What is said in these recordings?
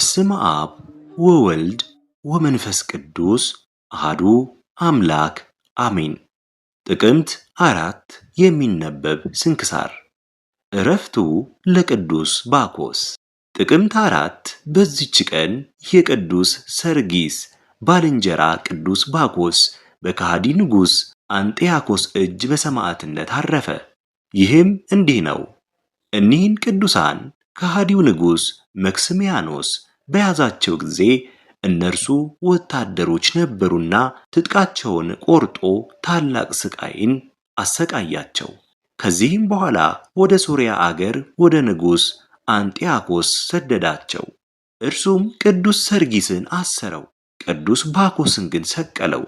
በስም አብ ወወልድ ወመንፈስ ቅዱስ አህዱ አምላክ አሜን። ጥቅምት አራት የሚነበብ ስንክሳር እረፍቱ ለቅዱስ ባኮስ። ጥቅምት አራት በዚች ቀን የቅዱስ ሰርጊስ ባልንጀራ ቅዱስ ባኮስ በከሃዲ ንጉሥ አንጢያኮስ እጅ በሰማዕትነት አረፈ። ይህም እንዲህ ነው። እኒህን ቅዱሳን ከሃዲው ንጉሥ መክስሚያኖስ በያዛቸው ጊዜ እነርሱ ወታደሮች ነበሩና ትጥቃቸውን ቆርጦ ታላቅ ስቃይን አሰቃያቸው። ከዚህም በኋላ ወደ ሶርያ አገር ወደ ንጉሥ አንጢያኮስ ሰደዳቸው። እርሱም ቅዱስ ሰርጊስን አሰረው፣ ቅዱስ ባኮስን ግን ሰቀለው።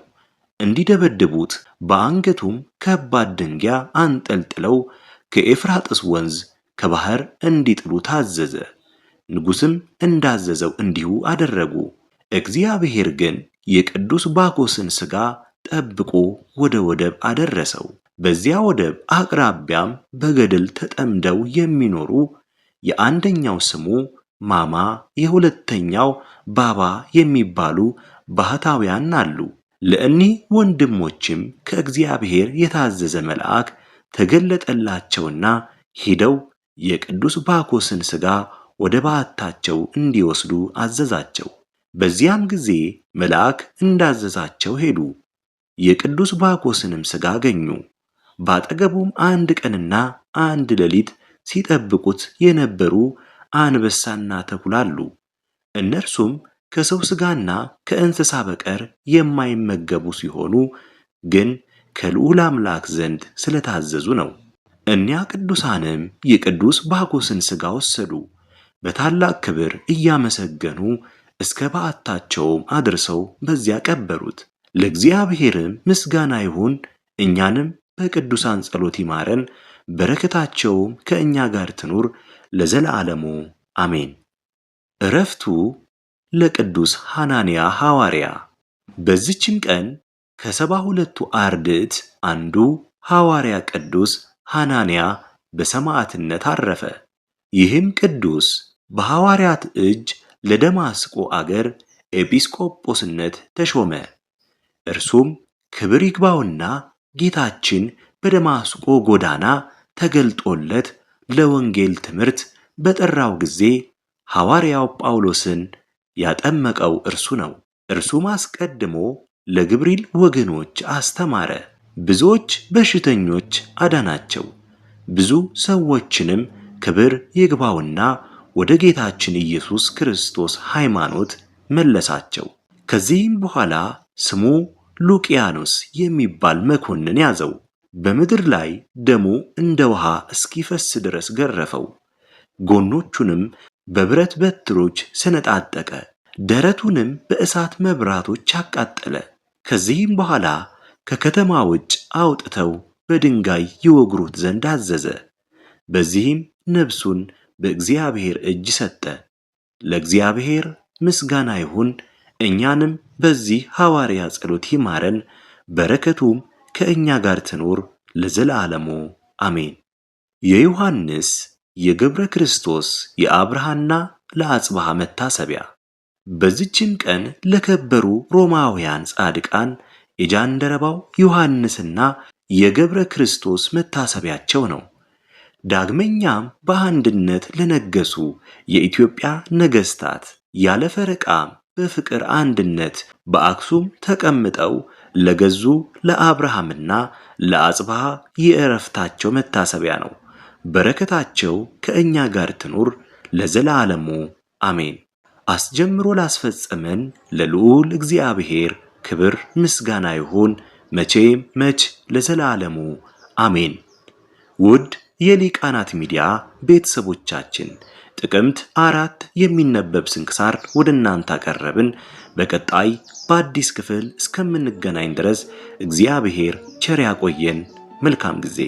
እንዲደበድቡት በአንገቱም ከባድ ድንጋይ አንጠልጥለው ከኤፍራጥስ ወንዝ ከባህር እንዲጥሉ ታዘዘ። ንጉሥም እንዳዘዘው እንዲሁ አደረጉ። እግዚአብሔር ግን የቅዱስ ባኮስን ሥጋ ጠብቆ ወደ ወደብ አደረሰው። በዚያ ወደብ አቅራቢያም በገደል ተጠምደው የሚኖሩ የአንደኛው ስሙ ማማ የሁለተኛው ባባ የሚባሉ ባህታውያን አሉ። ለእኒህ ወንድሞችም ከእግዚአብሔር የታዘዘ መልአክ ተገለጠላቸውና ሂደው የቅዱስ ባኮስን ሥጋ ወደ ባዕታቸው እንዲወስዱ አዘዛቸው። በዚያም ጊዜ መልአክ እንዳዘዛቸው ሄዱ። የቅዱስ ባኮስንም ሥጋ አገኙ። ባጠገቡም አንድ ቀንና አንድ ሌሊት ሲጠብቁት የነበሩ አንበሳና ተኩላ አሉ። እነርሱም ከሰው ሥጋና ከእንስሳ በቀር የማይመገቡ ሲሆኑ ግን ከልዑል አምላክ ዘንድ ስለታዘዙ ነው። እኒያ ቅዱሳንም የቅዱስ ባኮስን ሥጋ ወሰዱ። በታላቅ ክብር እያመሰገኑ እስከ በዓታቸውም አድርሰው በዚያ ቀበሩት። ለእግዚአብሔርም ምስጋና ይሁን፣ እኛንም በቅዱሳን ጸሎት ይማረን፣ በረከታቸውም ከእኛ ጋር ትኑር ለዘላለሙ አሜን። እረፍቱ ለቅዱስ ሐናንያ ሐዋርያ። በዚችም ቀን ከሰባ ሁለቱ አርድእት አንዱ ሐዋርያ ቅዱስ ሐናንያ በሰማዕትነት አረፈ። ይህም ቅዱስ በሐዋርያት እጅ ለደማስቆ አገር ኤጲስቆጶስነት ተሾመ። እርሱም ክብር ይግባውና ጌታችን በደማስቆ ጎዳና ተገልጦለት ለወንጌል ትምህርት በጠራው ጊዜ ሐዋርያው ጳውሎስን ያጠመቀው እርሱ ነው። እርሱም አስቀድሞ ለግብሪል ወገኖች አስተማረ። ብዙዎች በሽተኞች አዳናቸው። ብዙ ሰዎችንም ክብር ይግባውና ወደ ጌታችን ኢየሱስ ክርስቶስ ሃይማኖት መለሳቸው። ከዚህም በኋላ ስሙ ሉቅያኖስ የሚባል መኮንን ያዘው። በምድር ላይ ደሙ እንደ ውሃ እስኪፈስ ድረስ ገረፈው። ጎኖቹንም በብረት በትሮች ሰነጣጠቀ። ደረቱንም በእሳት መብራቶች አቃጠለ። ከዚህም በኋላ ከከተማ ውጭ አውጥተው በድንጋይ ይወግሩት ዘንድ አዘዘ። በዚህም ነፍሱን በእግዚአብሔር እጅ ሰጠ። ለእግዚአብሔር ምስጋና ይሁን። እኛንም በዚህ ሐዋርያ ጸሎት ይማረን፣ በረከቱም ከእኛ ጋር ትኖር ለዘላለሙ አሜን። የዮሐንስ የገብረ ክርስቶስ የአብርሃና ለአጽብሃ መታሰቢያ። በዚችም ቀን ለከበሩ ሮማውያን ጻድቃን የጃንደረባው ዮሐንስና የገብረ ክርስቶስ መታሰቢያቸው ነው። ዳግመኛም በአንድነት ለነገሱ የኢትዮጵያ ነገሥታት ያለ ፈረቃ በፍቅር አንድነት በአክሱም ተቀምጠው ለገዙ ለአብርሃምና ለአጽብሃ የእረፍታቸው መታሰቢያ ነው። በረከታቸው ከእኛ ጋር ትኑር ለዘላለሙ አሜን። አስጀምሮ ላስፈጸመን ለልዑል እግዚአብሔር ክብር ምስጋና ይሁን መቼም መች ለዘላለሙ አሜን። ውድ የሊቃናት ሚዲያ ቤተሰቦቻችን ጥቅምት አራት የሚነበብ ስንክሳር ወደ እናንተ አቀረብን። በቀጣይ በአዲስ ክፍል እስከምንገናኝ ድረስ እግዚአብሔር ቸር ያቆየን። መልካም ጊዜ